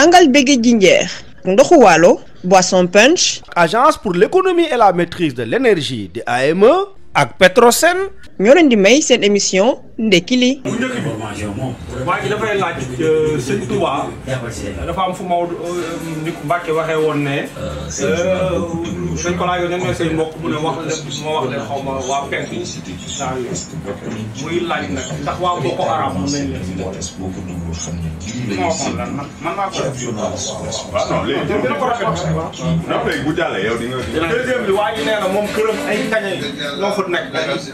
tàngal bégge jinjeer ndoxu waalo boisson punch agence pour l'économie et la maîtrise de l'énergie di AME ak Petrosen ñoo leen di may seen émission ndekki li bu njëkk bi waa ji dafay laaj euh, sëñ Touba dafa am fu Maodo euh, ni Mbacke waxee woon ne euh, dañ ko laajoon ñan ñooy say mbokk mu ne wax leen ma wax leen xaw ma waa penk saa muy laaj nag ndax waa Boko Haram mën nañ leen si boole ma waxoon lan man man maa ko def waaw non léegi dina ko rafet non léegi bu jàllee yow di nga deuxième bi waa ji nee na moom këram ay kaña yi ñoo fa nekk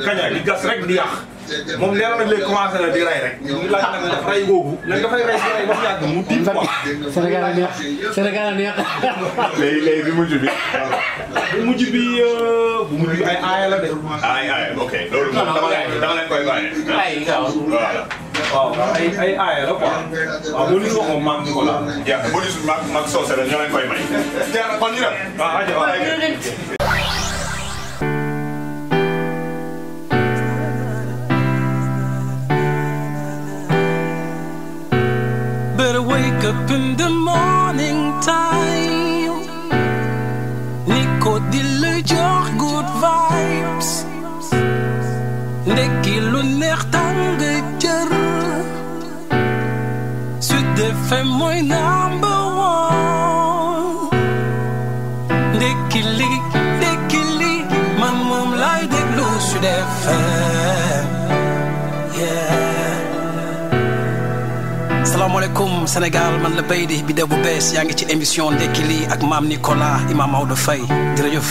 kaña di gas rek di yàq moom leer na léegi commencé na di rey rek. ñu laaj nag daf rey googu. léegi dafay rey si rey ba mu yàgg mu tiim quoi. Sénégal a neex Sénégal a neex. léegi léegi bi mujj bi. bu mujj bi euh, bu mujj bi ay aaya la de. ay aaya ok loolu moom dama leen dama leen koy bàyyi. ay waaw waaw ay ay aaya la quoi waaw boo disul waxoon maam ko la. yaa boo disul maam maam Socé la ñoo leen koy may. kon ñu dem. waaw Better wake up in the morning time. Nico dille your good vibes. Nekki lu neex tàng jër. salaamaaleykum Sénégal man la bay di bi bu bees yaa ngi ci émission ndekki lii ak maam Nicolas Imam Maodo Faye jërëjëf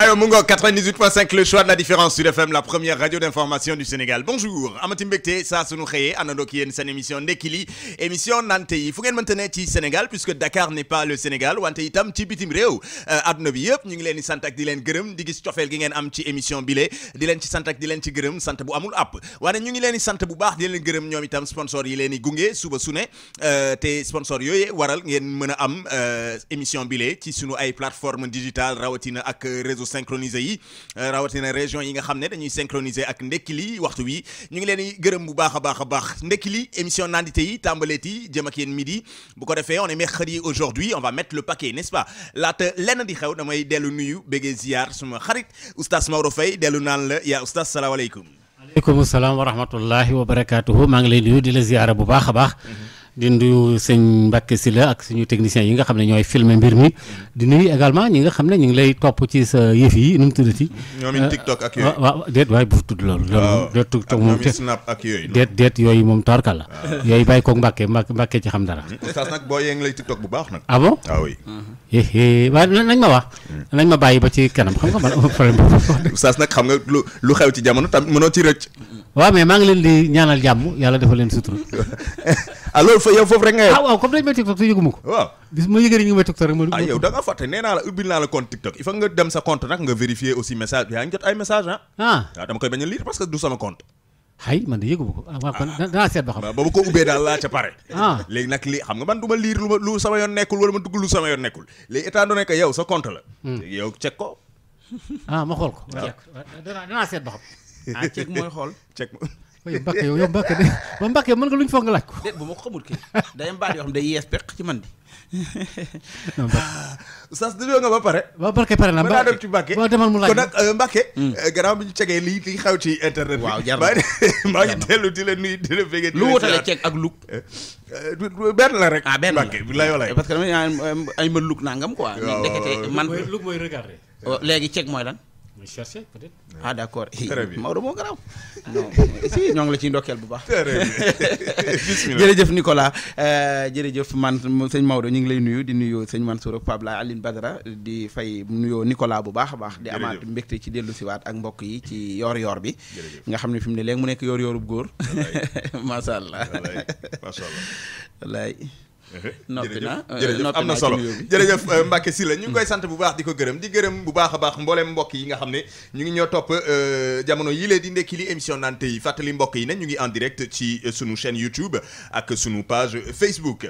ayo mu ngo 98 point 5 le choix de la différence Sud FM la première radio d'information du Sénégal bonjour amati mbégte saa sunu xëyee àndandoo ak yéen seen émission ndekki émission nante yi fu ngeen mënta ne ci Sénégal puisque Dakar n'est pas le Sénégal wante itam ci bitim réew adduna euh, bi yëpp ñu ngi leen di sant ak di leen gërëm di gis cofeel gi ngeen am ci émission bile di leen ci sant ak di leen ci gërëm sant bu amul app waaye ñu ngi leen sant bu baax di leen gërëm ñoom itam sponsor yi leen di gunge suba su euh, ngeen mën a am euh, émission bile ci sunu ay plateforme digitale rawatina ak réseau synchronisé yi euh, rawatina région yi nga xam ne dañuy synchronisé ak ndekki li waxtu wi ñu ngi leen di gërëm bu baax a baax a baax ndekki li émission nandite yi tàmbaleeti jëm ak yéen midi bu ko defee on est mercredi aujourd'hui on va mettre le paquet n'est-ce pas laata lenn di xew damay dellu nuyu béggee ziar suma xarit oustaz Maodo Faye dellu naan la yaa oustaz salaamaaleykum aleykum salaam wa rahmatullahi wa barakaatuhu maa ngi lay nuyu di la ziara bu baax a baax mhm. di nuyu sëñ Mbacke Sylla ak suñu techniciens yi nga xam ne ñooy filmer mbir mi di nuyu également ñi nga xam ne ñu ngi lay topp ci sa yëf yi nu mu tuddati. ñoom it TikTok ak euh, yooyu. waaw déet waaye bu tudd loolu. moom te snap ak yooyu. déet déet yooyu moom torka xam dara. Hmm. oustaz nag boo yëngalee bu baax nag. ah bon ah oui. Mhm. Eh, eh, waaye nañ ma hmm. ma bàyyi ba ci kanam xam nga man amul problème boobu. oustaz nag xam lu lu xew ci jamono tam mënoo ci mais maa ngi leen di ñaanal jàmm yàlla defal leen sutura yow fa yow foofu rek nga yow. ah waaw comme dañ may TikTok te yëguma ko. waaw bis ma yëgee rek ah, nga fàtte nee naa il faut nga dem sa compte nag nga vérifier aussi message yaa ngi jot ay message ah. ah, ah a lire parce que du sama compte. ay man de yëguma ko ah, ba ma ko ubbee daal laa ca pare. léegi nag li xam nga man du ma lu sama yoon nekkul wala ma dugg lu sama yoon nekkul léegi étant donné que yow sa compte la. Hmm. yow cek ko. ah ma xool ko. danaa seet ba xam. cek mooy xool cek oui Mbacke yow yow Mbacke de ba Mbacke mën nga luñ foog nga laaj ko. déet bu ma ko xamul kii day mbaal yoo xam day yees peq ci man di. non ah, sas du nga ba pare. waa barke pare naa Mbacke dem ci Mbacke. waaw demal mu laaj kon nag euh, Mbacke. Hmm. Euh, gannaaw ñu cegee lii li xaw ci internet. waaw jar na maa ngi dellu di la nuyu di la fege. Euh, la rek. Ah, benn la bi la eh, parce que damay ay ma nangam quoi. man. mooy mooy regarder. Oh, léegi ceeg mooy lan. muy chercher peut-être. ah d'accord eh, Maodo moo garaaw. si ñoo ngi la ciy ndokkeel bu baax. jërëjëf Nicolas euh, jërëjëf man sëñ Maodo ñu ngi lay nuyu di nuyu sëñ Mansour ak Pabla alin Badara di fay nuyoo Nicolas bu baax a baax. di amaat mbégte ci dellu siwaat ak mbokk yi ci yoor-yoor bi. nga xam ne fi mu ne léegi mu nekk yoor-yoorub góor. macha allah. wallaay. noppi na jërëjëf am na solo jërëjëf euh, Mbacke Sylla ñu ngi koy sant bu baax di ko gërëm di gërëm bu baax a baax mbooleem mbokk yi nga xam ne ñu ngi ñoo topp euh, jamono yi le di ndekki li émission naan tey fàttali mbokk yi ne ñu ngi en direct ci euh, sunu chaîne YouTube ak sunu page Facebook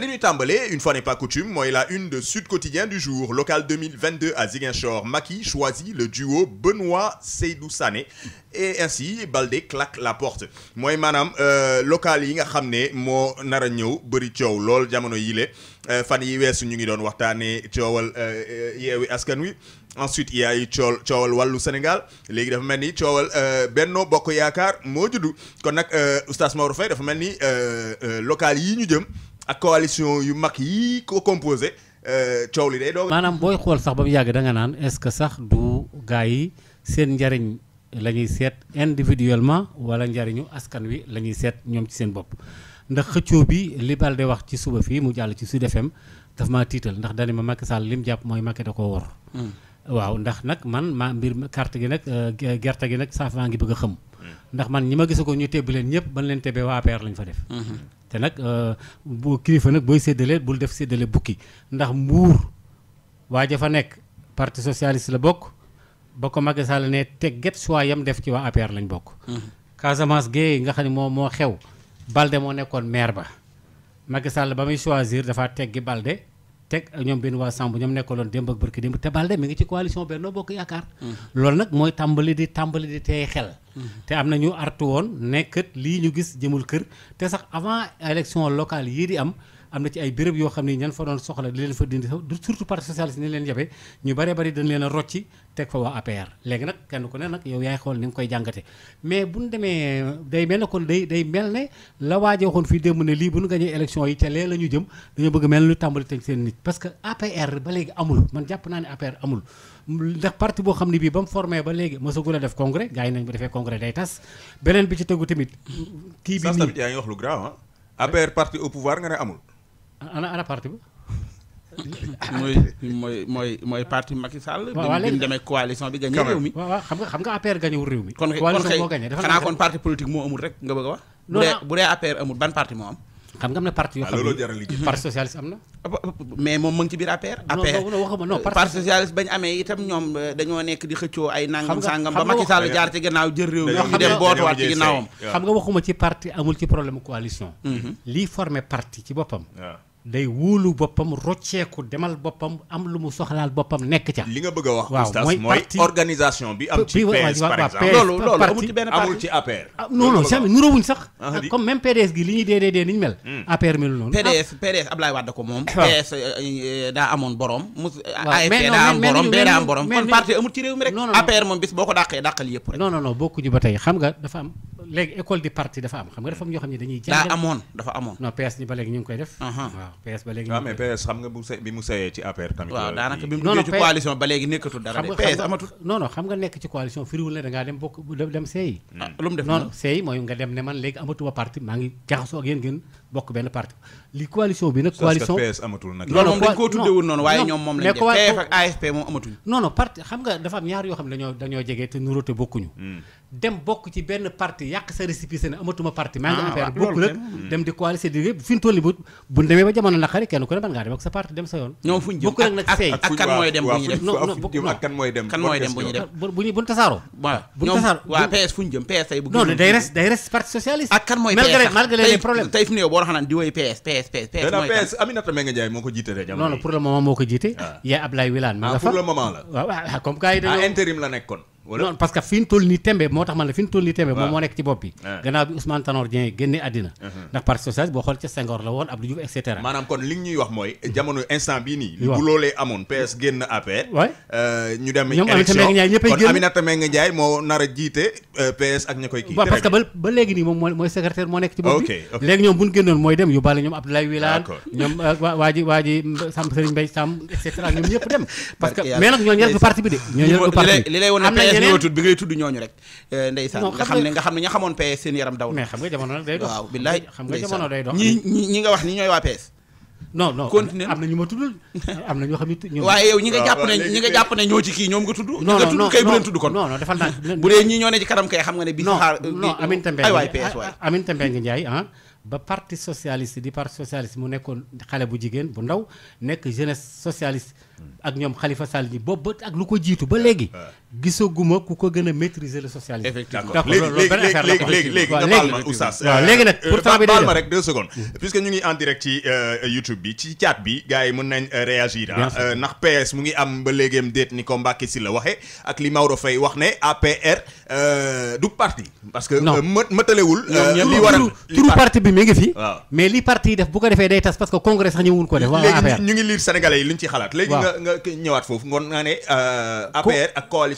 li ñuy tàmbalee une fois n'est pas coutume mooy la une de Sud Quotidien du jour local 2022 à Ziguinchor Macky choisit le duo Benoît Seydou Sané et ainsi Baldé claque la porte mooy maanaam local yi nga xam ne moo nar ñëw bëri coow lool jamono yile euh, fan yi weesu ñu ngi doon waxtaanee coowal euh, yeewi askan wi ensuite yaa yi cool coowal wàllu Sénégal léegi dafa mel ni coowal euh, Benno Bokk Yaakaar moo juddu kon nag oustaz Maodo Faye dafa mel ni local yii ñu jëm ak coalition yu mag yii ko composé coow li day doog. maanaam booy xool sax ba mu yàgg da nga naan est-ce que sax du gaa yi seen njariñ la ñuy seet individuellement wala njariñu askan wi la ñuy seet ñoom ci seen bopp. ndax xëccoo bi li Balde wax ci suba fii mu jàll ci Sud FM daf maa tiital ndax dani ma Macky Sall lim jàpp mooy Macky da koo wor hmm. waaw ndax nag man maa mbir carte gi nag euh, gerte gi nag saaf ngi bëgg a xëm hmm. ndax man ñi ma gisa ko ñu tebb leen ñëpp ban leen tebee waa APR lañ fa def hmm. te nag euh, bu kilifa nag booy séddale bul def séddale bukki ndax mbuur waa ja fa nekk partie socialiste la bokk ba ko Macky la ne tegget choix yam def ci waa APR lañ bokk Casamance gée moo moo xew Balde moo nekkoon maire ba Macky Sall ba muy choisir dafa teggi Balde teg ak ñoom benn waa Samb ñoom nekkaloon démb ak barki démb te Balde mi ngi ci coalition Benno Bokk Yaakaar. Mm-hmm. loolu nag mooy tàmbali di tàmbali di tey xel. Mm-hmm. te am na ñu artu woon nekkat lii ñu gis jëmul kër te sax avant élection locale yii di am. am na ci ay béréb yoo xam ne ñan fa doon soxla di leen fa dindi surtout parti socialiste ni leen yabe ñu bare bari dañ leen a rocci teg fa waa APR léegi nag kenn ku ne nag yow yaay xool ni nga koy jàngate mais bu ñu demee day mel ne kon day day mel ne la waajee waxoon fi démb ne lii bu ñu gañee élection yi te lee la ñu jëm dañoo bëgg mel ne lu tàmbali teg seen nit parce que APR ba léegi amul man jàpp naa ne APR amul ndax parti boo xam ne bii ba mu formé ba léegi mësagul a def congrès gars yi nañ bu defee congrès day tas beneen bi ci tegu tamit kii bi tamit yaa ngi wax lu grave ah. nga ne amul ana mooy mooy mooy mooy parti Macky Sall. waaw bi mu demee coalition bi gagné réew mi. waaw xam nga xam nga APR gagné réew mi. kon kay a wax. bu xam nga am na parti yoo ah, ah, bañ amee itam ñoom euh, dañoo nekk di xëccoo ay. nangam sangam ba Macky jaar ci gannaaw jël réew mi. ñu dem ci ginnaawam. xam nga waxuma ci parti amul ci problème coalition. Mhm. lii former parti ci boppam. day wóolu boppam rocceeku demal boppam am lu mu soxlaal boppam nekk ca. li nga bëgg a wax. waaw mooy parti organisation bi am. ci PS par exemple loolu loolu amul ci benn parti amul ci ah, sax. Ah, comme même PDS gi li dee dee dee ni ñu mel. Hmm. APR melu noonu. PDS ko moom. daa am borom bee daa am borom. kon parti amul boo ko yëpp rek. non non non ba tey xam nga dafa am. léegi école di parti dafa am xam nga dafa am ñoo xam ne dañuy. jàngal daa amoon dafa amoon. non ñu ngi koy def. waaw waaw PS ba léegi. waaw ah, mais PS xam nga bu se euh, coalition ba léegi nekkatul dara de PS amatul. non xam nga nekk ci coalition firiwul ne da dem bokk dem seeyi. Ah, noonu seeyi mooy nga dem ne man léegi amatuma parti maa ngi jaxasoo ak yéen ngeen bokk benn parti li coalition bi nag. coalition PS amatul nag. loolu moom dañ koo tuddewul noonu waaye ñoom moom lañ def PF AFP moom amatuñ. non non xam nga dafa am ñaar yoo xam ne dañoo jege te nuróote bokkuñu hmm. dem bokk ci benn parti yàq sa récépissé ne amatuma parti maa ngi ah, affaire bokk nag hmm. dem di coalition di yëpp fi ñu toll nii bu bu demee ba jamono naqari kenn ku ne mën ngaa dem ak sa parti dem sa yoon ñoom fu ñu jëm bokk nag nag seey ak kan mooy dem bu ñu def kan mooy dem kan mooy dem bu ñu def bu ñu bu ñu tasaaroo waaw bu ñu tasaaroo waaw PS fu ñu jëm PS tey bu non day res day res parti socialiste ak kan mooy PS malgré les problèmes tey fi mu ne boo xanaan di woy PS PS PS PS mooy PS Aminata Mbengue Ndiaye moo ko jiite de non non pour le moment moo ko jiite ah. yaa Ablaye Wilane ma ah, nga fa pour le moment la waaw comme gars yi dañoo intérim la nekkoon wala parce que fi ñu toll tembe moo tax man la fi ñu toll tembe moom moo nekk ci bopp bi ah. gannaaw bi Ousmane Tanor Dieng àddina uh-huh. ndax parti socialiste boo xool ca Senghor la woon Abdou Diouf et cetera maanaam kon li ñuy wax mooy hmm. jamono instant bii nii bu loolee amoon PS génn APR waay euh, ñu dem élection kon Aminata moo nar a jiite euh, PS ak ña koy kii waaw parce léegi nii moom mooy secrétaire moo nekk ci bopp bi léegi ñoom bu ñu génnoon mooy dem yóbbaale ñoom ñoo tudd bi ngay tudd ñooñu rek eh, ndeysaan nga ne nga xam ne ña xamoon PS seen yaram daw mais xam nga am na ñu ma na ñoo xam ne waaye yow ñi nga ah, jàpp ne ñi nga jàpp ne ñoo ci kii ñoom nga tudd nga tudd kay bu leen tudd kon non non defal naa ah, ah, ba parti socialiste di parti socialiste mu nekkoon xale bu jigéen bu ndaw nekk jeunesse socialiste ak ñoom Khalifa Sall ñi boobu ak lu ko jiitu ba léegi gisaguma ku ko gën a maîtriser le socialisme. effectivement d'accord léegi léegi nga baal ma oustaz. Euh, bi baal ma rek deux secondes. puisque ñu ngi en direct ci euh, YouTube bi ci chat bi gars yi mën nañ euh, réagir ah. ndax PS mu ngi am ba léegam déet ni ko Mbacké si la waxee ak li Maodo fay wax ne APR du parti. parce que mët mëtalewul. li war a turu parti bi mi ngi fi. waaw mais li parti def bu ko defee day tas parce que congrès sax ñëwul ko def. waaw APR léegi ñu ngi liir sénégalais yi luñ ci xalaat. waaw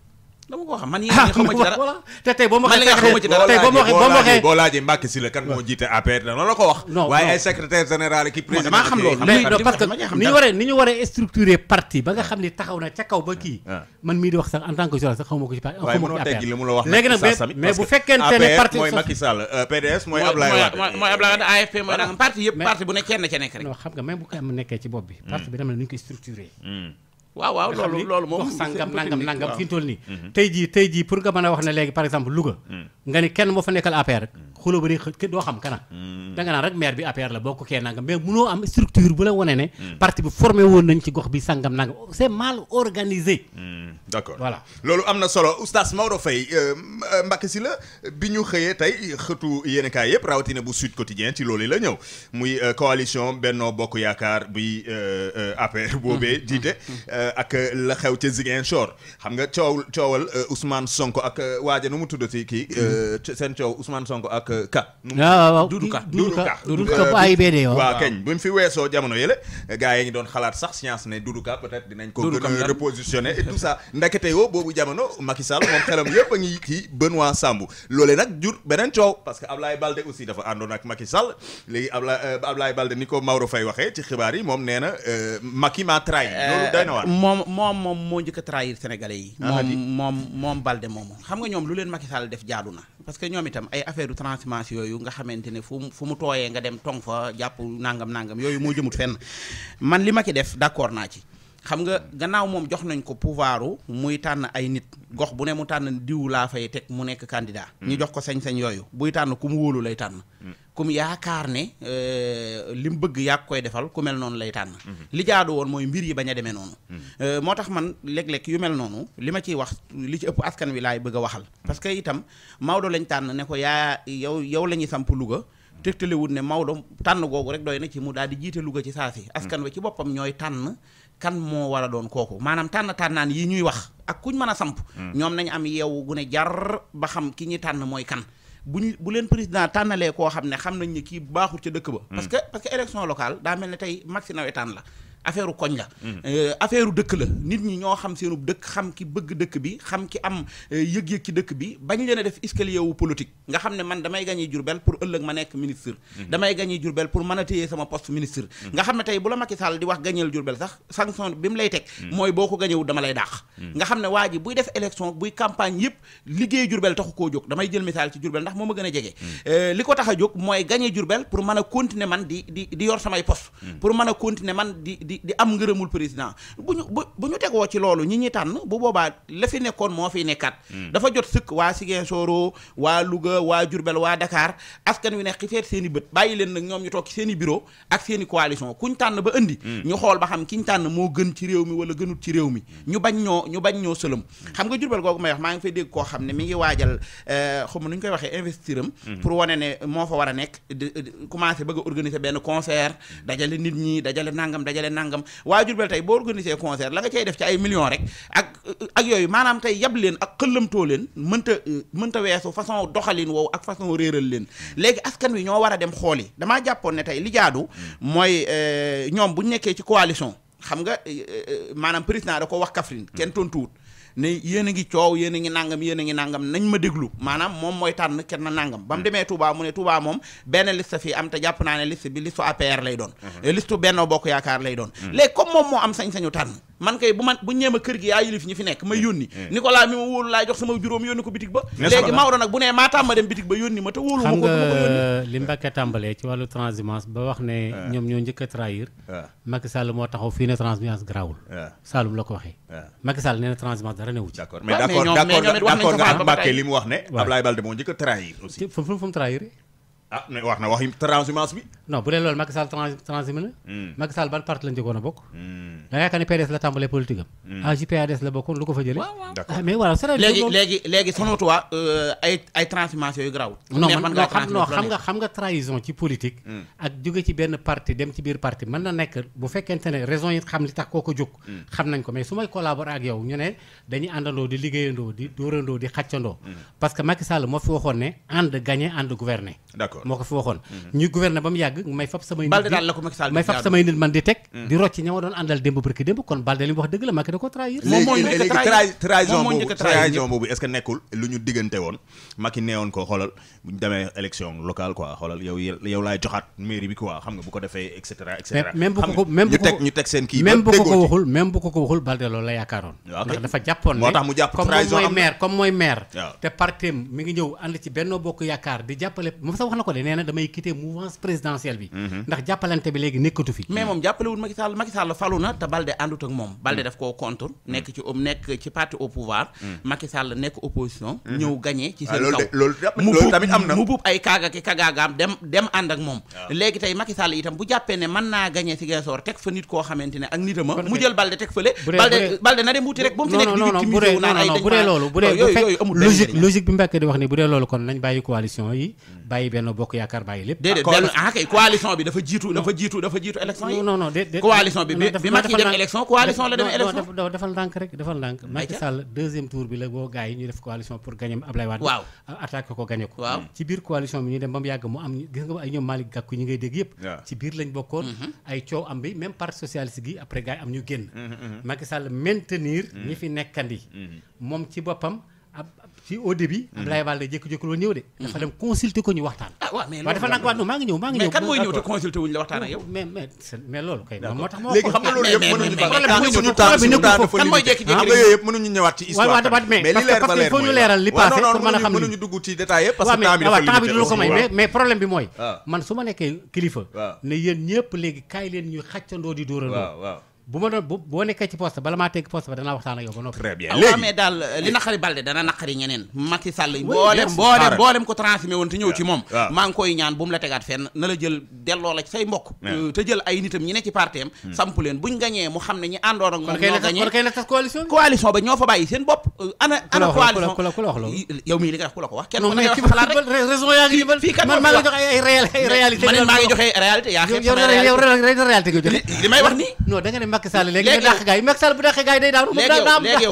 dama man yéen a xam loolu mais non parce que parti parti. bu ne parti ne kenn nekk rek. non xam nga même bu ko am nekkee ci bopp bi. parti bi hmm. dama ne nu ñu koy structurer hmm. waaw waaw loolu loolu moom sàngam nangam nangam fi ñu toll mhm. jii tey jii pour nga mën a wax ne léegi par exemple Louga hmm. nga ni kenn moo fa nekkal APR rek hmm. xuloo ba xam kana hmm. danga naan rek maire bi APR la bokk kee nangam mais munoo am structure bu la wane ne parti bi woon nañ ci gox bi sàngam nangam c'est mal organisé d'accord voilà loolu am na solo oustaz Maodo Faye euh, Mbacké la bi ñu xëyee tey xëtu yéenekaay yëpp rawatina bu Sud Quotidien ci loolu la ñëw muy euh, coalition bennoo Bokk Yaakaar bi euh, APR boobee jiite Euh, ak euh, la xew ca Ziguinchor xam nga coow coowal euh, Ousmane Sonko ak waaja nu mu tudd si kii mm. seen coow Ousmane sonk ak Ka. waaw Doudou Ka Doudou Ka Doudou Ka bu AIBD ah, waaw waaw kañ bu ñu fi weesoo jamono yële gars yi ngi doon xalaat sax science ne Doudou Ka peut dinañ ko gën a repositionner et tout ça ndekete yoo boobu jamono Macky Sall moom xelam yëpp a ngi kii Benoît Sambou loole nag jur beneen coow parce que ab Ablaye Balde aussi dafa andoon ak Macky Sall léegi Ablaye Ablaye Balde ni ko Maodo Faye waxee ci xibaar yi moom nee na Macky maa trahi moom moom moom moo njëkk a trahir sénégalais yi ah, moom moom moom Balde moomu xam nga ñoom lu leen Macky Sall def jaadu na parce que ñoom itam ay affaire du transhumance yooyu nga xamante ne fu mu tooyee nga dem tong fa jàpp nangam nangam yooyu moo jëmut fenn man li Macky def d'accord naa ci xam nga gannaaw moom jox nañ ko pouvoiru muy tànn ay nit gox bu ne mu tànn diw laa fay teg mu nekk candidat ñu mm. jox ko sañ-sañ yooyu buy tànn ku mu wóolu lay tànn mm. kum yaakaar ne euh, li mu bëgg yàgg koy defal ku mel noonu lay tànn li jaadu woon mooy mbir yi bañ a demee noonu euh, moo tax man léeg-léeg yu mel noonu li ma ciy wax li ci ëpp askan wi laay bëgg a waxal parce que itam Maodo lañ tànn ne ko yaa yow yow la ñuy samp Louga tegtalewul ne Maodo tànn googu rek dooy na ci mu daal di jiite Louga ci saa si askan wi ci boppam ñooy tànn kan moo war a doon kooku maanaam tànn tànnaan yi ñuy wax ak kuñ mën a samp hmm. ñoom nañ am yeewu gu ne jar ba xam ki ñi tànn mooy kan bu ñu bu leen président tànnalee koo xam ne xam nañ ni kii baaxul ca dëkk ba hmm. parce que parce que élection locale daa mel ne tey maxi nawetaan la affaire koñ la. Mm. Euh, affaire dëkk la nit ñi ñoo xam seenu dëkk xam ki bëgg dëkk bi xam ki am euh, yëg-yëg ci dëkk bi bañ leen a def escalier wu politique nga xam ne man damay gagné Diourbel pour ëllëg ma nekk ministre. Mm. damay gagné Diourbel pour mën a téye sama poste ministre. Mm. nga ne tey bu la Macky Sall di wax gagnéel Diourbel sax sanction bi mu lay teg. mooy boo ko gagné wu dama lay dàq. nga xam ne waa ji buy def élection buy campagne yëpp liggéey Diourbel taxu koo jóg damay jël misaal ci Diourbel ndax moo ma gën a jege. Euh, li ko tax a jóg mooy gagné Diourbel pour mën a continuer man di di di yor samay poste pour mën a continuer man di di di am ngërëmul président bu ñu bu bu ñu tegoo ci loolu ñi ñi tànn bu boobaa la fi nekkoon moo fi nekkat hmm. dafa jot sëkk waa Ziguinchor waa Louga waa Diourbel waa Dakar askan wi ne xifeet seen i bët bàyyi leen nag ñoom ñu toog ci seen i bureau ak seen i coalition kuñ tànn ba indi hmm. ñu xool ba xam ñu tànn moo gën ci réew mi wala gënut ci réew mi hmm. ñu bañ ñoo ñu bañ ñoo sëlëm xam nga Diourbel googu may wax maa ngi fa dégg koo xam ne mu ngi waajal euh, xam nu ñu koy waxee investir am pour wane ne moo fa war a nekk commencé bëgg a organiser benn concert dajale nit nangam waa Jurbel tey boo organisé concert la nga cay def ci ay million rek ak ak yooyu maanaam tey yab leen ak xëllamtoo leen mënta mënta weesu façon doxalin woowu ak façon réeral leen léegi askan wi ñoo war a dem xool yi damaa jàppoon ne tey li jaadu mooy euh, ñoom bu ñu nekkee ci coalition xam nga euh, euh, maanaam président da ko wax Kaffrine kenn tontuwut ne yéen a ngi coow yéen a ngi nangam yéen a ngi nangam nañ ma déglu maanaam moom mooy tànn kenn nangam ba mu hmm. demee Touba mu ne Touba moom benn liste fii am te jàpp naa ne liste bi listu APR lay doon hmm. listu benn Bokk Yaakaar lay doon hmm. léegi comme moom moo am sañ-sañu tànn man kay bu man bu ñeema kër gi yaa yilif ñi fi nekk may eh, yónni eh. Nicolas mi ma wóolu laay jox sama juróom yónni ko bitig ba léegi Maodo nag bu nee maa tàmm dem bitig ba yónni ma te wóolu ma eh, ci wàllu transhumance ba wax ne ñoom ñoo njëkk a trahir moo taxaw fii ne transhumance grawul Saloum la ko waxee Macky Sall nee dara newu ci ah, mais d'accord d'accord nga Mbacke li mu wax ne Abdoulaye Balde moo njëkk a trahir aussi fu mu trahir ah wax na wax transhumance bi. non bu dee loolu Macky Sall transhumé na. Hmm. Macky Sall ban parti la njëkkoon a bokk. Hmm. da yaakaar ne PDS la tàmbalee am. Hmm. ah xam nga xam nga trahison ci politique. ak ci benn parti dem ci biir parti mën na nekk bu fekkente ne raison yi xam ni tax koo ko jóg. xam nañ ko may su may collaborer ak yow ñu ne dañuy àndandoo di liggéeyandoo di dóorandoo di xàccandoo. parce que Macky Sall moo fi waxoon ne ànd gagner ànd gouverner. d'accord moo ko fi waxoon mhm. ñuy gouverner ba mu yàgg may fab samay nit may fab samay nit man di teg mhm. di rocc ña doon àndal démb barki démb kon Balde li mu wax dëgg la Macky da ko trahir moom moo léegi ko xoolal bu ñu laay joxaat mairie bi ko ko même bu ko ko waxul Balde loolu la yaakaaroon ndax dafa jàppoon moo comme mooy maire comme mooy maire te partem mi ngi ñëw ànd ci Benno Bokk Yaakaar di jàppale moom sax wax na ko jàppale nee na damay quitter mouvance présidentielle bi. Mhm. ndax jàppalante bi léegi nekkatu fi. mais moom hmm. jàppalewul Macky Sall Macky falu na te Balde àndut ak moom. Balde hmm. daf koo contre hmm. nekk ci nekk au pouvoir. Macky Sall nekk opposition. ñëw gagné ci seen ah, kaw loolu tamit am na mu buub ay kaaga ki kagaagaam dem ànd ak moom. Ah. léegi tey Macky itam bu jàppee ne mën naa gagné si Ziguinchor teg fa nit koo xamante ne ak nitama mu jël Balde teg fële. Balde Balde na dem bokk yaakaar bàyyi lépp. déedéet ah, benn ah kay coalition bi dafa jiitu dafa jiitu dafa jiitu élection yi. non non defal ndànk rek defal ndànk. Macky Sall deuxième tour bi la boo gars ñu def coalition pour gagné Ablaye Wade. waaw attaqué ko gagné ko. ci biir coalition bi ñu dem ba mu yàgg mu am gis nga ay ñoom Malick Gakou ñi ngay dégg yëpp. ci biir lañ bokkoon. Mm-hmm. ay coow am bi même parti socialiste gi après gars am ñu génn. Mm-hmm, mm-hmm. Macky Sall maintenir ñi fi nekkandi moom ci boppam ab ci au début. Mm-hmm. Abdoulaye Wade jékki-jékki loolu ñëw de. Mm-hmm. dafa dem consulter ko ñu waxtaan. ah waaw mais loolu dafa nag non maa ngi ñëw maa ngi ñëw. mais kan mooy ñëw te loolu kay. mooy mais problème bi mooy ah. man su ma nekkee kilifa ah. ne yéen ñëpp léegi kaay leen ñu xàccandoo di dóorandoo bu ma doon bu boo nekkee ci poste bala maa tegg poste ba danaa waxtaan ak yow ba ah, euh, li maa ngi koy ñaan bu mu ci réalité. man réalité réalité nga joxe li may wax nii Macky Sall léegi nga dàq gars yi Macky Sall bu dàqee gars yi day daanu. léegi yow léegi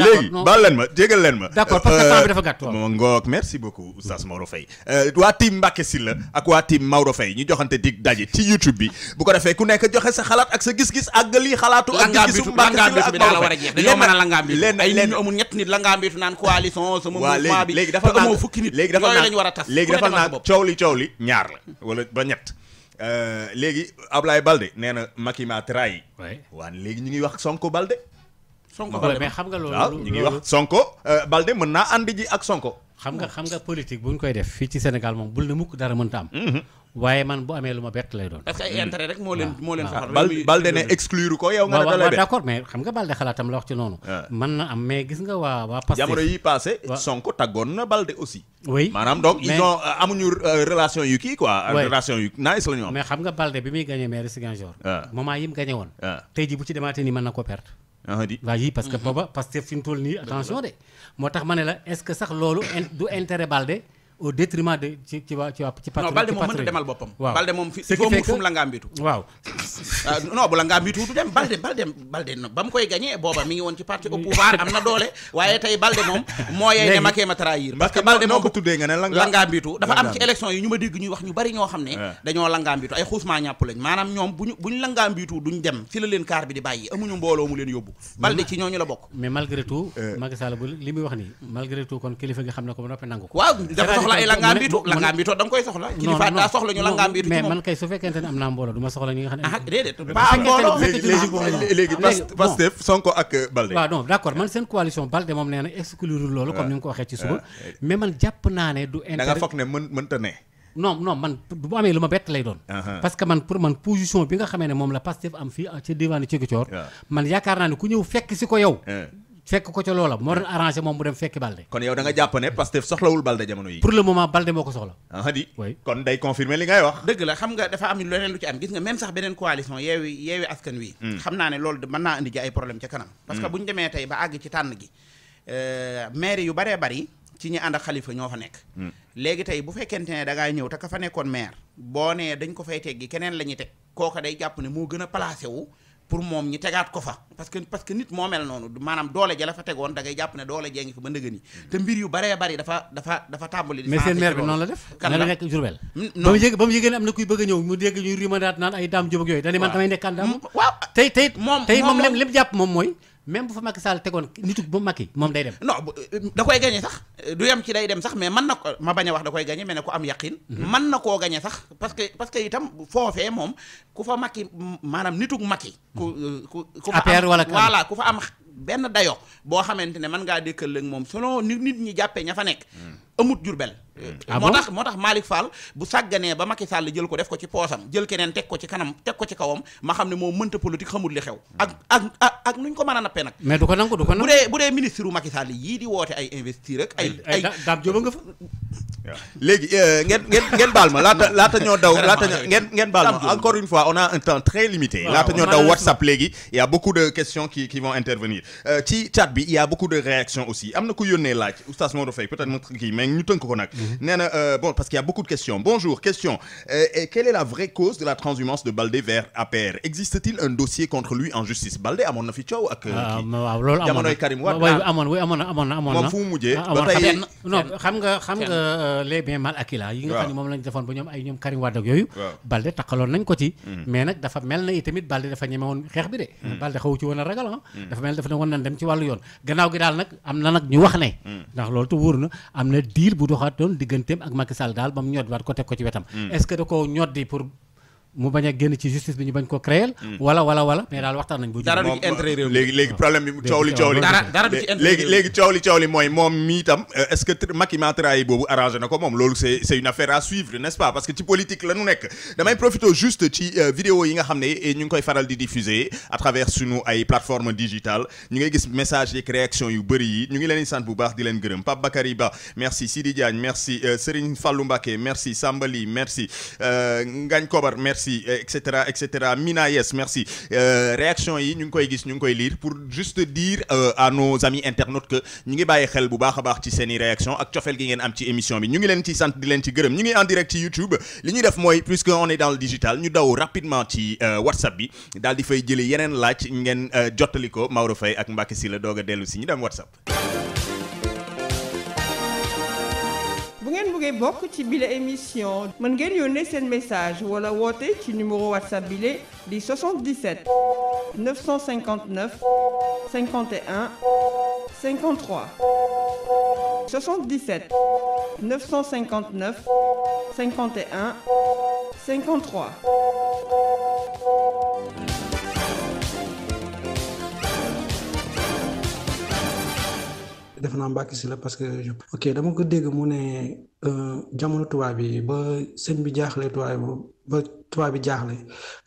euh, yow baal leen ma jégal leen ma. d'accord parce que euh, temps bi merci beaucoup Oustaz Maodo Faye euh, waa team Mbacké Sylla ak waa team Maodo Faye ñu joxante dig daje ci YouTube bi bu ko defee ku nekk joxe sa xalaat ak sa gis-gis àggali xalaatu ak gis-gisu Mbacké Sylla ak Maodo Faye amul ñett nit la ngaa mbiitu naan coalition sama mouvement bi léegi dafa amoo fukki nit léegi dafa yooyu lañu war a tas léegi dafa naa coow li coow li ñaar la wala ba ñett euh, léegi Ablaye Balde nee na Macky ma trahi waan léegi ñu ngi wax Sonko Balde Sonko Balde mais xam nga loolu ñu ngi wax Sonko euh, Balde mën naa ànd ji ak Sonko xam nga xam nga politique bu ñu koy def fii ci Sénégal moom bul na mukk dara mënta am mhm. waaye man bu amee lu ma bett lay doon. parce que ay intérêt rek moo leen moo leen. faxal Balde ne exclure ko yow. nga ne d'accord mais xam nga Balde xalaatam la wax ci noonu. man na am mais gis nga waa waa. Pastef jamono yi passé Sonko taggoon na Balde maanaam donc ils ont euh, amuñu euh, relation yu kii quoi. relation yu nice la ñu am. mais xam nga Balde bi muy gagné maire Ziguinchor. moment yi mu gagné woon. tey jii bu ci demaatee nii mën na ko perte. waa ah, yi parce que mhm. booba Pastef fi mu toll nii attention de moo tax ma ne la est-ce que sax loolu du intérêt Balde au détriment de ci ci waa ci waa ci. patron non Balde moom mënut a demal boppam. Balde moom fi foo mu fu euh, Balde Balde ba mu koy gagné booba mi ngi woon ci parti au am na doole waaye tey Balde moom. moo yey ne ma ma trahir. parce que Balde moom ko tuddee nga ne la dafa am ci élection yi ñu ma dégg ñuy wax ñu bari ñoo xam ne. dañoo la ay xuusmaa ñàpp lañ maanaam ñoom bu ñu bu duñ dem fi la leen kaar bi di bàyyi amuñu mbooloo mu leen yóbbu. Balde ci ñooñu soxla ay langaam biitu langaam biitu da nga koy soxla kilifa daa soxla ñu langaam biitu mais man kay su fekkente ne am naa mbooloo du soxla ñi nga xam ne ah, moom nee na exclure ah, ne du intérêt da nga foog ne mën mënta ne non non man bu amee lu ma bett lay doon ah, parce que man pour man position bi nga xamee ne moom la Pastef am fii ci diwaanu Ziguinchor man yaakaar naa ne ku ñëw fekk si ko yow fekk ko ca loola moo doon arrangé moom mu dem fekki Balde. kon yow da nga jàpp soxlawul Balde jamono yi. pour le moment Balde moo ko soxla. ah di kon day confirmer li ngay wax. dëgg la xam nga dafa am leneen lu ci am gis nga même sax beneen coalition yeewi yeewi askan wi. Hmm. xam naa ne loolu mën naa indi ji ay problème ca kanam. parce que hmm. bu ñu demee tey ba àgg ci tànn gi euh, maire yu baree bari ci ñi ànd ak xalifa ñoo fa nekk. Hmm. léegi tey bu fekkente ne da ñëw te ka fa nekkoon maire boo nee dañ ko fay teggi keneen la ñuy teg kooka day jàpp ne moo gën a wu pour moom ñi tegaat ko fa parce que parce que nit moo mel noonu maanaam doole ja la fa tegoon da ngay jàpp ne doole jee ngi fa ba ndëgëni mm. te mbir yu baree bari dafa dafa dafa tàmbali mais seen noonu la def kan nekk Jurbel mm, ba mu yëg ba am na kuy bëgg a ñëw mu dégg ñuy rimandaat naan ay daam jubak yooyu dañu man damay nekkaan daam mm, waaw tey tey moom tey moom jàpp moom mooy même bu fa Macky Sall tegoon nitu ba Macky moom day dem. non euh, da koy gagné sax du yem ci day dem sax mais man na ko ma bañ a wax da koy gagné mais ne ko am yaqin. man mhm. na koo gagné sax parce que parce que itam foofee moom ku fa Macky maanaam nitu Macky. ku mhm. euh, ku ku fa am wala voilà ku fa am benn dayo boo xamante ne mën ngaa dékkal ak moom selon nit nit ñi jàppee ña fa nekk. Mhm. amut Jurbel ah moo tax moo tax Malick Fall bu sàgganee ba Macky Sall jël ko def ko ci poosam jël keneen teg ko ci kanam teg ko ci kawam ma xam ne moo mënta politique xamul li xew ak ak nuñ ko mën a nappee nag bu dee bu dee yii di woote ay investir ak ay daam jóba nga fa léegi euh, ngeen ngeen baal ma laata laata ñoo daw laata ñoo ngeen ngeen baal ma encore une fois on a un temps très limité laata ñoo daw WhatsApp léegi il y a de questions euh, a nag ñu ko nag mhm. nee euh, bon parce qu'il y beaucoup de questions bonjour question euh, et quelle est la vraie cause de la transhumance de Baldé vers APR existe t un dossier contre lui en justice Baldé amoon na fi coow ak euh, ah, ah, loolu amoon na amoon na amoon na nag ñu wax ne mm. ndax loolu tu wóor na am na diil bu doxaat doon digganteem ak Macky daal ba mu ñoddiwaat ko teg ko ci wetam. Hmm. est que da koo ñoddi pour mu bañ a génn ci justice bi ñu bañ ko créer hmm. wala wala wala mais daal waxtaan nañ bu dara du ci intérêt réew léegi léegi ah. problème bi coow coow li coow li mooy moom mii tam euh, est-ce que Macky maa trahi boobu arrangé na ko moom loolu c'est c'est une affaire à suivre n'est-ce pas parce que ci politique la nekk damay profité juste ci euh, vidéo yi nga xam ne ñu ngi koy faral di diffuser à travers suñu ay plateforme digitale ñu ngay gis message yeeg réaction yu bëri yi ñu ngi leen di sant bu baax leen gërëm Pape Bakary Ba merci Sidi Diagne merci euh, Serigne Fallou Mbacké merci merci et cetera et cetera Mina yes merci euh, réaction yi ñu ngi koy gis ñu ngi koy liir pour juste dire euh, à nos amis internautes que ñu ngi bàyyi xel bu baax a baax ci seen i réaction ak cofeel gi ngeen am ci émission bi ñu ngi leen ci sant di leen ci gërëm ñu ngi en direct ci YouTube li ñu def mooy puisque on est dans le digital ñu daw rapidement ci euh, WhatsApp bi daal di fay jëlee yeneen laaj ngeen jottali ko Maodo Faye ak Mbacke la doog a dellu si ñu dem WhatsApp. ngeen bëggee bokk ci bile émission mën ngeen yónnee seen message wala woote ci numéro whatsapp bile di 77 959 51 53 77 959 51 53 def naa Mbacke Sylla parce que ok dama ko dégg mu ne euh, jamono tubaab bi ba sëñ bi jaaxle tubaab ba tubaab bi jaaxle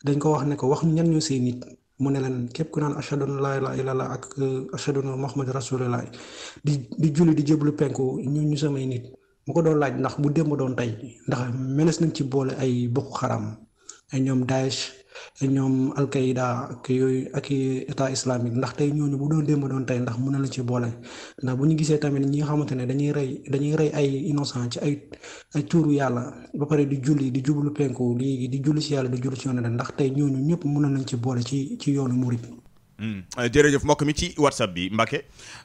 dañ ko wax ne ko wax ñan ñoo say nit mu ne leen képp ku naan ashhadu an laa ilaaha illallaah ak euh, ashhadu anna Muhammad rasulullaah di di julli di jëblu penko ñu ñu samay nit mu ko doon laaj ndax mu bu démb doon tey ndax menes nañ ci boole ay bokku xaram ay ñoom Daesh ñoom alkayida ak yooyu ak état islamique ndax tey ñooñu bu doon démb doon tey ndax mun na la ci boole ndax bu ñu gisee tamit ñi nga xamante ne dañuy rey dañuy rey ay innocent ci ay ay yàlla ba pare di julli di jublu penku di di julli si yàlla di julli si yoon ndax tey ñooñu ñëpp mën na lañ ci boole ci ci yoonu murit Hmm. Euh, jërëjëf mbokk mi ci whatsapp bi Mbacke.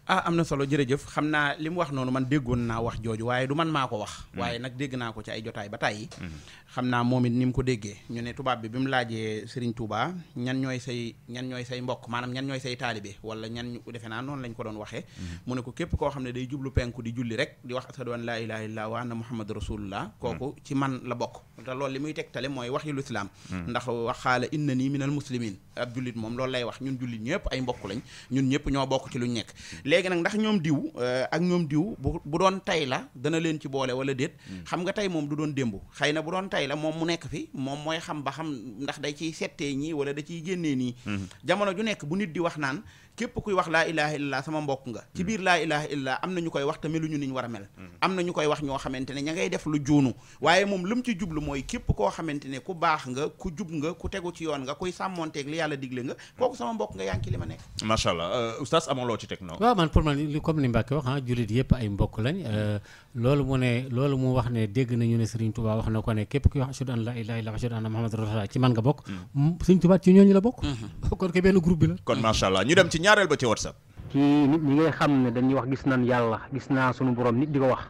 Ah, am na solo jërëjëf xam naa li mu wax noonu man déggoon naa wax jooju waaye du man maa ko wax. Hmm. waaye nag dégg naa ko ci ay jotaay ba tàyyi. Hmm. xam naa moom it ni mu ko déggee ñu ne tubaab bi bi mu laajee Serigne Touba ñan ñooy say ñan ñooy say mbokk maanaam ñan ñooy say taalibe wala ñan ñu defe naa noonu lañ ko doon waxee. mu ne ko képp koo xam ne day jublu penku di julli rek di wax ashadu an laa ilaaha illallaah wa anna muhammad rasulullah kooku ci man la bokk loolu li muy tegtale mooy wax yu ndax waxaala inna nii minal muslimin ab wax ñun ñun ñëpp ay mbokk lañ ñun ñëpp ñoo bokk ci lu ñu nekk léegi nag ndax ñoom diw euh, ak ñoom diw bu bu doon tay la dana leen ci boole wala déet hmm. xam nga tey moom du doon démb xëy na bu doon tay la moom mu nekk fi moom mooy xam ba xam ndax day ciy settee ñii wala da ciy génnee nii hmm. jamono ju nekk bu nit di wax naan képp kuy wax laa ilaha illallah sama mbokk nga ci mm. biir laa ilaha illallah na ñu koy wax te meluñu niñ war a mel mm. am na ñu koy wax ñoo xamante ne mm. sama mbokk nga ci li ma nekk macha allah euh, oustaz amoo loo ci teg noonu waaw man pour man li comme ni Mbacke wax ah, mbokk euh, na ko ne képp kuy wax ashhadu an laa ilaha illallah ashhadu anna muhammadan rasulullah ci man nga bokk mm-hmm. kon ke benn groupe bi la ñaareel ba ci whatsapp. ci nit ñi ngay xam ne dañuy wax gis nan yàlla gis naa sunu borom nit di ko wax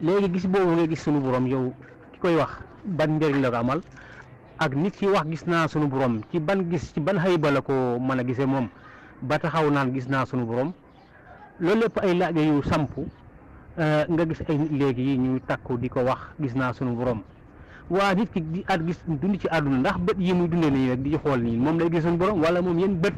léegi gis boobu ngay gis sunu borom yow ki koy wax ban njëriñ la ko amal ak nit ki wax gis naa sunu borom ci ban gis ci ban ba la ko man a gisee moom ba taxaw naan gis naa sunu borom loolu lépp ay laaj yu sampu euh, nga gis ay nit léegi ñu takku di ko wax gis naa sunu borom. waa nit ki di at gis dund ci àdduna ndax bët yi muy dundee nii rek di xool nii moom lay gis suñu borom wala moom yéen bët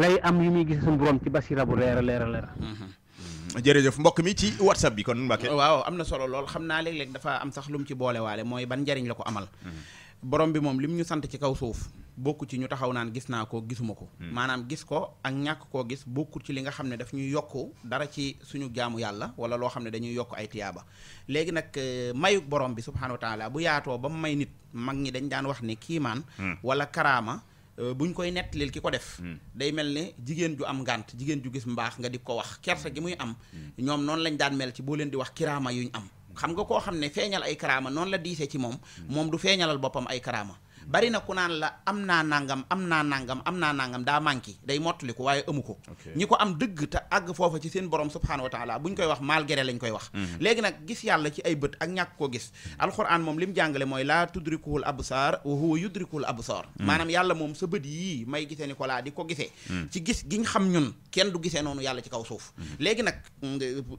lay am yu muy gis suñu borom ci basira bu leer a leer a leer mm-hmm. jërëjëf mbokk mi ci whatsapp bi kon Mbacke waaw am na solo lool xam naa léeg-léeg dafa am sax lu mu ci boolewaale mooy ban njariñ la ko amal mm-hmm. borom bi moom li mu ñu sant ci kaw suuf bokku ci ñu taxaw naan gis naa ko gisuma ko hmm. maanaam gis ko ak ñàkk koo gis bokku ci li nga xam ne daf ñuy yokk dara ci suñu jaamu yàlla wala loo xam ne dañuy yokk ay tiyaaba léegi nag euh, mayuk borom bi subhaanahu wa bu yaatoo ba mu may nit mag ñi dañ daan wax ne kiimaan hmm. wala karaama euh, buñ koy nettalil ki ko def hmm. day mel ne jigéen ju am ngànt jigéen ju gis mbaax nga di ko wax kersa gi muy am ñoom noonu lañ daan mel ci boo leen di wax kiraama yuñ am xam nga koo xam ne feeñal ay karaama noonu la diisee ci moom mm. moom du feeñalal boppam ay karaama bari na ku naan la am naa nangam am naa nangam am naa nangam daa manqué day mottali ko waaye amu ko ñi ko am dëgg te àgg foofa ci seen borom subhaanahu wa taala bu ñu koy wax malgré lañ koy wax mhm. léegi nag gis yàlla ci ay bët ak ñàkk koo gis alxuraan moom li mu jàngale mooy laa tudrikuhul absaar wa huwa yudrikul absaar mhm. maanaam yàlla moom sa bët yii may gise ni ko laa di ko gisee mhm. ci gis gi ñu xam ñun kenn du gisee noonu yàlla ci kaw suuf léegi nag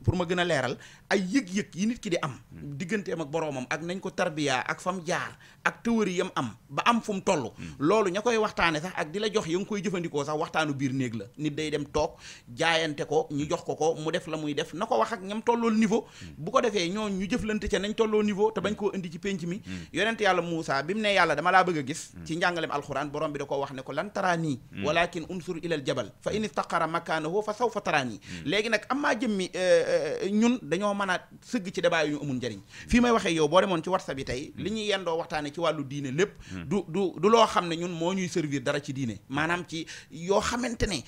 pour ma gën a leeral ay yëg-yëg yi nit ki di am digganteem ak boroomam ak nañ ko tarbiya ak fam jaar ak tëwëri yam am ba am fu mu toll hmm. loolu ña koy waxtaane sax ak di la jox ya nga koy jëfandikoo sax waxtaanu biir néeg la nit day dem toog jaayante ko ñu jox ko ko mu def la muy def na ko wax ak ñam tollool niveau hmm. bu ko defee ñoo ñu jëflante ca nañ tolloo niveau te bañ hmm. koo indi ci pénc mi yonent yàlla Moussa bi mu ne yàlla dama laa bëgg a gis ci njàngalem alxuraan borom bi da ko wax ne ko lan taraanii walakin unsur ilal jabal fa in istaqara makaanahu fa sawfa taraanii léegi nag am maa jëmmi eh, eh, ñun dañoo mën a sëgg ci débat yu ñu amul fii may waxee yow boo demoon ci WhatsApp yi tey li ñuy yendoo waxtaane ci wàllu diine lépp Hmm. du du du loo xam ne ñun moo ñuy servir dara ci diine maanaam ci yoo xamante ne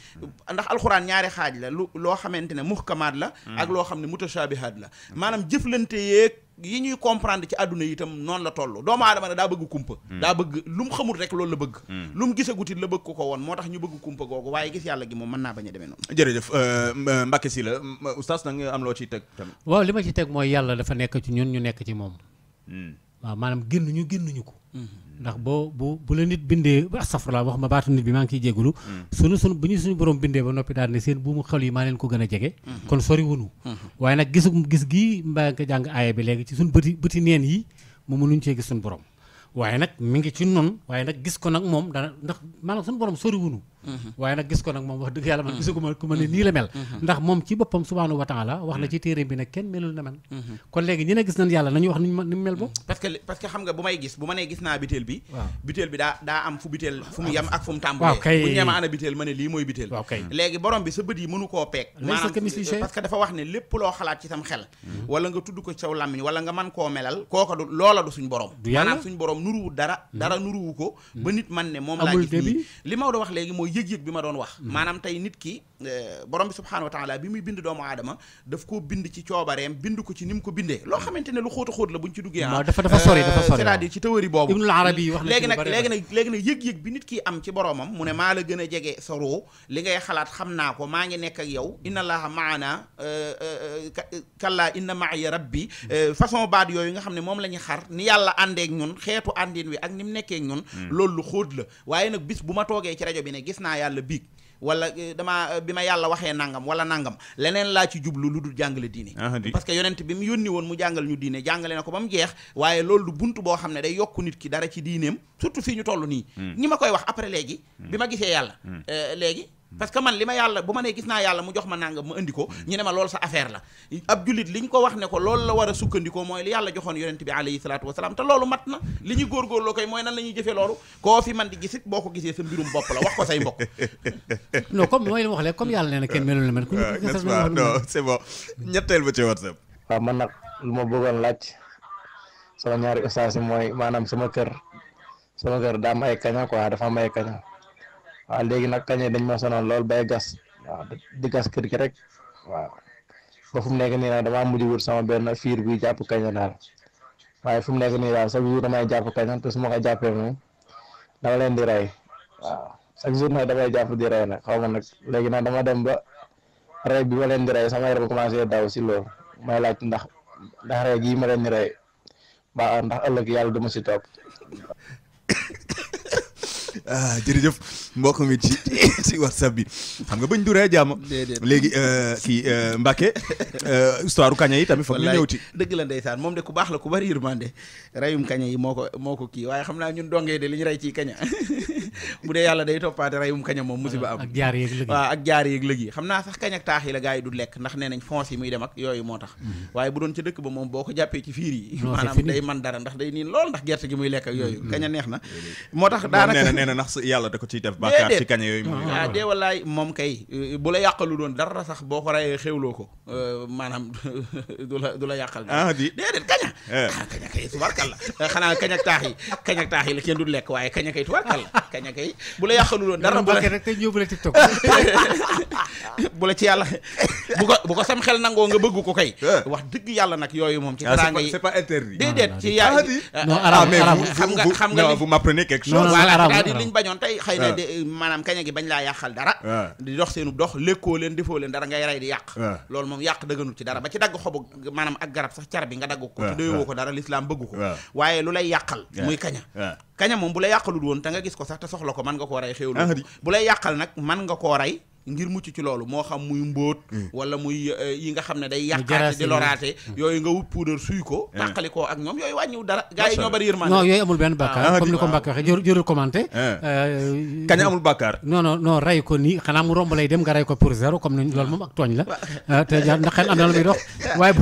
ndax alxuraan ñaari xaaj la lu loo xamante ne muhkamaat la hmm. ak loo xam ne mutashabihaat la maanaam jëflante yeeg ñuy comprendre ci àdduna itam noonu la toll doomu aadama ne daa bëgg kumpa hmm. daa bëgg lu mu xamul rek loolu la bëgg lu mu gisagutit la bëgg ko woon moo tax ñu bëgg kumpa googu waaye gis yàlla gi moom mën naa bañ a demee noonu jërëjëf euh, euh, Mbacke Sylla euh, oustaz nag nga am loo ciy teg tamit li ma ci teg mooy yàlla dafa nekk ci ñun ñu nekk ci moom maanaam génn ñu génn ñu ko ndax boo bu bu la nit bindee astafurla wax ma baatu nit bi maa ngi ciy jégalu. Hmm. sunu sunu bu ñu suñu borom bindee ba noppi daal ne seen buumu xol yi maa leen ko gën a jege. Hmm. kon sori wunu hmm. waaye nag gisu gis gii mbaa nga jàng aaya bi léegi ci suñu bëti bëti neen yi mu mënuñ cee gis suñ borom waaye nag mi ngi ci noonu waaye nag gis ko nag moom dana ndax maanaam suñu borom sori wunu Mm-hmm. waaye nag gis ko nag moom wax dëgg yàlla man mm-hmm. gisaguma ku ma ne nii la mel mm-hmm. ndax moom ci boppam subhaanahu wa taala wax na ci téeréem bi nag kenn melul na euh, man koo melal kooka du loola du suñ borom maanaam suñ borom nuruwu dara nuruwu ko ba nit man ne moom laa gis nii li Maodo wax léegi mooy yëg-yëg bi ma doon wax hmm. maanaam tey nit ki eh, borom bi subhaanahu wa bi muy bind doomu aadama daf koo bind ci coobareem bind ko ci ni mu ko bindee loo hmm. xamante ne lu xóota xóot la buñ ci duggee ah. dafa dafa sori dafa sori eh, c'est-à-dire wax léegi nag léegi nag léegi nag yëg-yëg nit ki am ci boromam mu ne hmm. maa la gën a jege sa roo li ngay xalaat xam naa ko maa ngi nekk ak yow inna allaha maana eh, kalla inna maaya rabbi façon baat yooyu nga xam ne moom la ñu xar ni yàlla àndeek ñun xeetu àndin wi ak ni mu nekkeek ñun lool lu xóot la waaye nag bis bu ma toogee ci rajo bi ne gis naa yàlla biig wala eh, damaa eh, bi ma yàlla waxee nangam wala nangam leneen laa ci jublu lu dul jàngale diine ah, parce que yonent bi mu yónni woon mu jàngal ñu diine jàngale na ko ba mu jeex waaye loolu du bunt boo xam ne day yokku nit ki dara ci diineem surtout fii ñu toll nii ñi hmm. ma koy wax après léegi hmm. bi ma gisee yàlla hmm. eh, léegi parce que man li ma yàlla bu ma nee gis naa yàlla mu jox ma nangam ma indi ko ñu ne ma loolu sa affaire la ab jullit li ñu ko wax ne ko loolu la war a sukkandikoo mooy li yàlla joxoon yonent bi mooy nan la ñuy jëfee loolu koo fi man di gisit ko gisee sa mbirum bopp la wax ko say mbokk non comme mooy li ma wax léegi comme yàlla nee na kenn na man ku ñu non c'est bon lu ma bëggoon laaj sama ñaari ustaas mooy maanaam sama kër sama kër daa am ay kaña quoi dafa am ay kaña waaw léegi nag kañ dañ ma sonoon lool bay gas di gas kër gi rek waaw ba fu mu nekk nii nag damaa mujj wut sama benn fiir buy jàpp kañ daal waaye fu nekk nii daal chaque jour jàpp kañ te su ma ko jàppee moom dama leen di rey waaw chaque jour nag damay jàpp di rey nag xaw ma nag léegi nag dama dem ba rey bi ma leen di rey sama yaram commencé daw si loolu may laaj ndax ndax rey gii ma leen di rey ba ndax ëllëg yàlla dama si topp. ah jërëjëf mbokk mi ci ci whatsapp bi xam nga bañ duree jàmm. déedéet léegi euh, kii euh, Mbacke euh, histoire kaña yi tamit foog ñu ñëw ci. dëgg la ndeysaan moom de ku baax la ku bari yërmande reyum kaña yi moo ko moo ko kii waaye xam naa ñun dongee de li ñu rey ci kaña bu dee yàlla day toppaate reyum kaña moom musiba am. ak jaar yeeg lëg yi jaar yeeg lëg yi xam naa sax kañ taax yi la gars yi du lekk ndax nee nañ fonce yi muy dem ak yooyu moo tax. Mhm. waaye bu doon ca dëkk ba moom boo ko jàppee ci fiir man dara ndax day niin lool ndax gerte gi muy lekk yooyu mhm. kaña neex na ndax yàlla da ko ciy def bàkkaar ci kañe yooyu moom ah dee wallaay moom kay euh, bu la yàqalu doon dara sax boo ko rayee xewloo ko euh, maanaam du la du la yàqal ah di déedéet kaña eh. ah kaña kay tubarkalla euh, xanaa kañak taax yi kañak taax yi la kenn du lekk waaye kaña kay tubarkalla kaña kay bu la yàqalu doon dara bu la rek tey ñëw la tiktok bu la ci yàlla bu bu ko xel nangoo nga bëgg ko kay eh. wax dëgg yàlla nag yooyu moom ci ah, teraanga yi c'est ah, ci yaa ah, non arabe xam nga xam nga vous m'apprenez quelque chose liñ bañoon tey xëy na ah. maanaam kaña gi bañ laa yàqal dara ah. di dox seenu dox lékkoo leen defoo leen dara ngay rey di yàq ah. loolu moom yàq dëgganul ci dara ba ci dagg xobu maanaam ak garab sax car bi nga dagg ko ci doyowoo ko dara lislaam bëgg ko waaye lu lay yàqal muy kaña kaña moom bu la yàqalul woon te nga gis ko sax te soxla ko mën nga koo rey xéewlu bu lay yàqal nag mën nga koo rey ngir mucc ci loolu moo xam muy mbóot mm. wala muy eh, yi nga xam ne day yàqaate di loraate mm. yooyu nga wut poudre suy ko mm. tàqali ko ak ñoom yooyu wàññiw dara gars yi ñoo bari yërmande non yooyu amul benn ah, bàkkaar comme ni ko Mbacke waxee jërul commenté eh. euh, kañ amul bàkkaar non non non rey ko nii lay dem nga rey ko pour zéro comme ni loolu moom ak la ah, te ndax xel am na la muy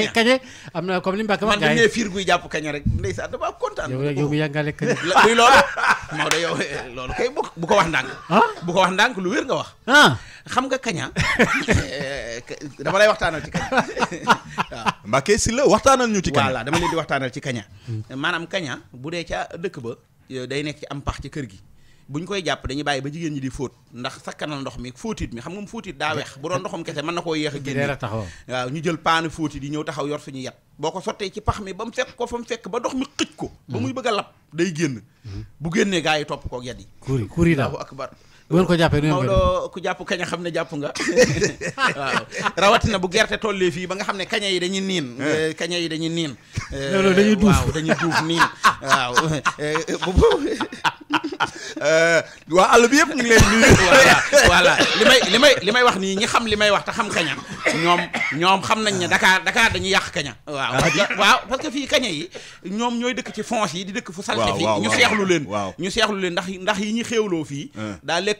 am na comme li Mbacke wax man ne fiir jàpp kañe rek ndeysaan dama kontaan yow mi yàggaale kañe eh, bu ko wax ndànk ah? lu wér nga wax. Ah. xam nga kaña eh, dafa lay waxtaanal ci kaña waaw. Mbacke si la waxtaanal ñu ci kaña. voilà dama leen di waxtaanal ci kaña. Hmm. maanaam kaña bu dee ca dëkk ba. Eh, day nekk ci am pax ci kër gi. bu ñu koy jàpp dañu bàyyi ba jigéen ñi di fóot ndax sakkanal ndox mi fóotit mi xam nga mu fóotit daa weex bu doon ndoxam kese mën na koo yéex a génn waaw ñu jël paanu fóotit yi ñëw taxaw yor suñu yat boo ko sottee ci pax mi ba mu fekk ko fa mu fekk ba ndox mi xëj ko ba muy hmm. bëgg a lab day génn hmm. bu génnee bu ngeen ko jàppee nu Maodo ku jàpp kaña xam ne jàpp nga waaw rawatina bu gerte tollee fii ba nga xam ne kaña yi dañuy niin eh. Eh, kaña yi dañuy niin loolu dañuy eh, duuf waaw dañuy duuf niin waaw waa àll bi yëpp ñu ngi leen nuyu voilà li may li may li may wax nii ñi xam li may wax te xam kaña ñoom ñoom xam nañ ne Dakar Dakar dañuy yàq kaña ah, waaw ah, waaw parce que fii kaña yi ñoom ñooy dëkk ci fonce yi di dëkk fu salte fii ñu seexlu leen ñu seexlu leen ndax yi ñu xéewloo fii daa lekk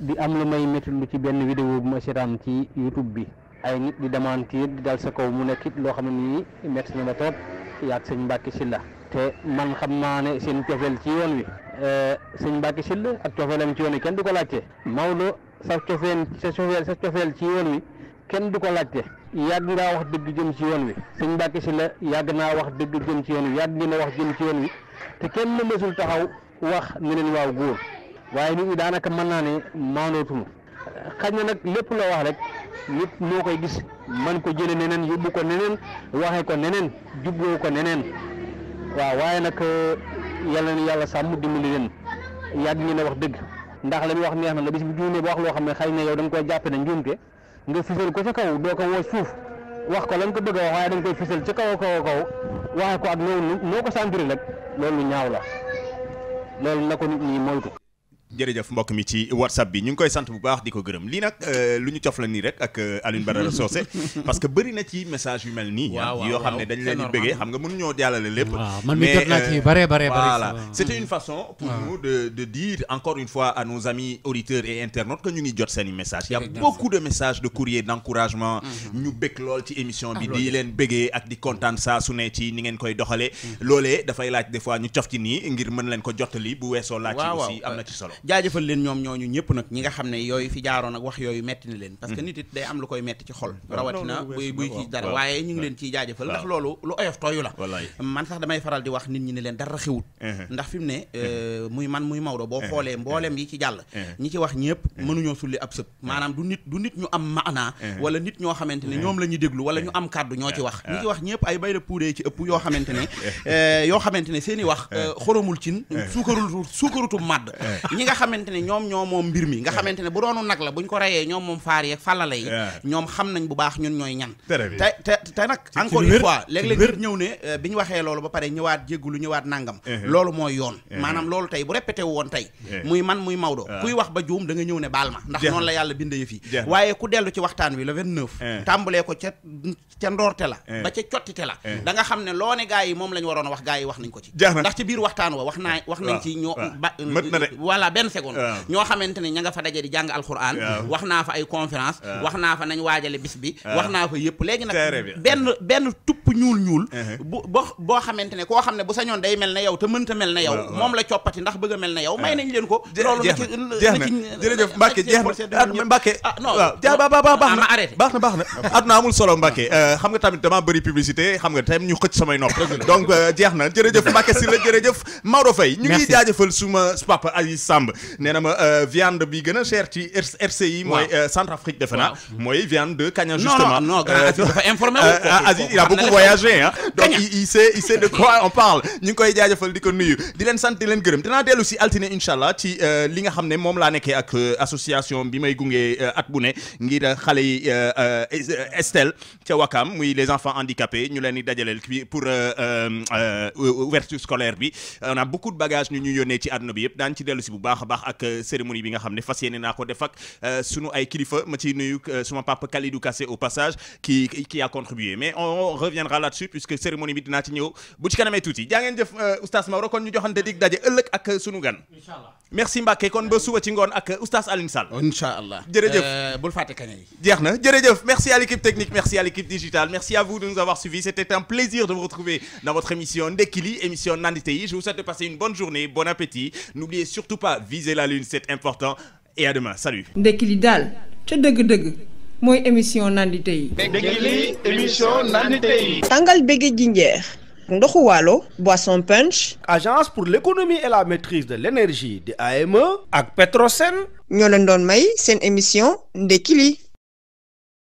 bi am lu may métti lu ci benn vidéo bu ma seetaan ci YouTube bi ay nit di demantir di dal sa kaw mu nekk loo xam ne nii métti na ma trop yaag sëñ Mbacke Sylla te man xam naa ne seen cofeel ci yoon wi eh, sëñ Mbacke Sylla ak cofeelam ci yoon wi kenn du ko laajte Maodo sa cofeel sa cofeel sa cofeel ci yoon wi kenn du ko laajte yàgg ngaa wax dëgg jëm ci yoon wi sëñ Mbacke Sylla yàgg naa wax dëgg jëm ci yoon wi yàgg ngeen a wax jëm ci yoon wi te kenn mësul taxaw wax ne leen waaw góor waaye nit ñi daanaka mën naa ne maandootuñu xaj na nag lépp loo wax rek nit moo koy gis man ko jële neneen yóbbu ko neneen waxee ko neneen jubloo ko neneen waaw waaye nag euh, yàlla na yàlla sàmm dimbali leen yàgg ñu ne wax dëgg ndax la ñu wax neex na la bis bu juumee ba wax loo xam ne xëy na yow da nga koy jàppe ne njuumte nga fisal ko ca kaw doo ko woo suuf wax ko la nga ko bëgg a wax waaye da koy fisal ca kaw kaw kaw waxee ko ak noo noo ko sentir rek loolu ñaaw la loolu na ko nit ñi moytu jërëjëf mbokk mi ci whatsapp bi ñu ngi koy sant bu baax di ko gërëm li nag euh, lu ñu cof la nii rek ak euh, Alioune Badara Socé parce que bëri na ci message yu mel nii yoo xam ne dañu leen di bëggee xam nga mënu ñoo jàllale lépp man mi jot naa ci euh, bare bare voilà c'était façon pour encore fois à nos amis auditeurs et internautes ñu ngi jot seen i message y a mm-hmm. ñu bëgg lool ci émission bi ah, di leen bëggee ak di kontaan saa su ne ci ni ngeen koy doxalee mm-hmm. loolee dafay laaj des fois ñu cof ci nii ngir mën leen ko jottali bu weesoo laaj ci aussi am na ci solo jaajëfal leen ñoom ñooñu ñëpp nag ñi nga xam ne yooyu fi jaaroon ak wax yooyu metti na leen parce que mm. nit it day am lu koy metti ci xol rawatina buy buy ci dara waaye ñu ngi leen ciy jaajëfal ndax loolu lu oyof tooyu la man sax damay faral di wax nit ñi ne leen dara xewut uh-huh. ndax fi mu ne uh-huh. euh, muy man muy Maodo boo uh-huh. xoolee mbooleem yi ci jàll ñi ci wax ñëpp mënuñoo sulli ab sëb maanaam du nit du nit ñu am maanaa wala nit ñoo xamante ne ñoom la ñuy déglu wala ñu am kàddu ñoo ci wax wax ñëpp ay bay la ci ëpp yoo xamante ne euh, yoo xamante ne seen i wax euh, xoromul cin suukarul suukarutum màdd nga xamante ne ñoom ñoo moom mbir mi nga xamante ne bu loolu ba pare ñëwaat jéggulu ñëwaat nangam uh-huh. loolu mooy yoon uh-huh. maanaam loolu tey bu répété wu woon tey uh-huh. muy man muy Maodo kuy wax ba juum da nga ñëw ne baal ma ndax noonu la yàlla binde yëf yi waaye ku dellu ci waxtaan wi le 29 tàmbalee ko ca ndoorte la ba ca cottite la da nga xam ne loo ne gaa yi moom lañ waroon a wax gaa yi wax nañ ko ci ndax ci biir waxtaan wa wax nañ ci ñoo ba voilà benn seconde ñoo xamante ne ña nga fa daje di jàng alxuraan wax naa fa ay conférence wax naa fa nañ waajale bis bi wax naa fa yëpp léegi nag benn tupp ñuul ñuul uh-huh. bo boo xamante ne koo xam ne bu sañoon day mel na yow te mënta mel na yow moom la coppati ndax bëgg a mel na yow may nañ leen ko loolu la ci jeex na jërëjëf ah, ah, ah, ba ba baax na arrêté baax na baax na aduna amul solo Mbacke euh, xam nga tamit dama bëri publicité xam nga tam ñu xëcc samay nopp donc euh, jeex na jërëjëf Mbacke si la jërëjëf Maodo Faye ñu démb nee na ma euh, viande bi gën a cher ci RCI mooy euh, Centrafrique defe naa mooy viande de Kagnan justement non non euh, dafa informé Aziz a beaucoup voyagé ah donc il sait ñu ngi koy jaajëfal di di leen sant di leen gërëm dinaa dellu si altine incha allah ci li nga xam ne moom laa nekkee ak association bi may gunge at bu ne ngir xale yi Estelle ca Wakam muy les enfants a beaucoup de bagages ñu ñu yónnee ci àdduna bi bu baax baax a baax ak euh, cérémonie bi nga xam ne fas yéene naa ko def ak euh, sunu ay kilifa ma ciy nuyu euh, suma papa Kalidou Kassé au passage qui a contribué mais on reviendra là-dessus puisque cérémonie bi dinaa ci ñëw bu ci kanamee tuuti jaa jëf oustaz Maodo kon ñu joxante dig daje ëllëg ak sunu gan. merci Mbacke kon ba suba ci ngoon ak oustaz Alioune Sall. incha allah jërëjëf bul fàtte kañ yi. jeex na merci à l'équipe de nous avoir suivis c'était un plaisir de vous viser la lune c'est important et à demain salut. ndekki li daal ca dëgg-dëgg. mooy émission nandite yi. dégg li émission nandite tàngal bége jinjeer. ndoxu waalo. boisson punch. agence pour l'économie et la maîtrise de l'énergie di AME. ak Petrosen. ñoo leen doon may seen émission ndekki li.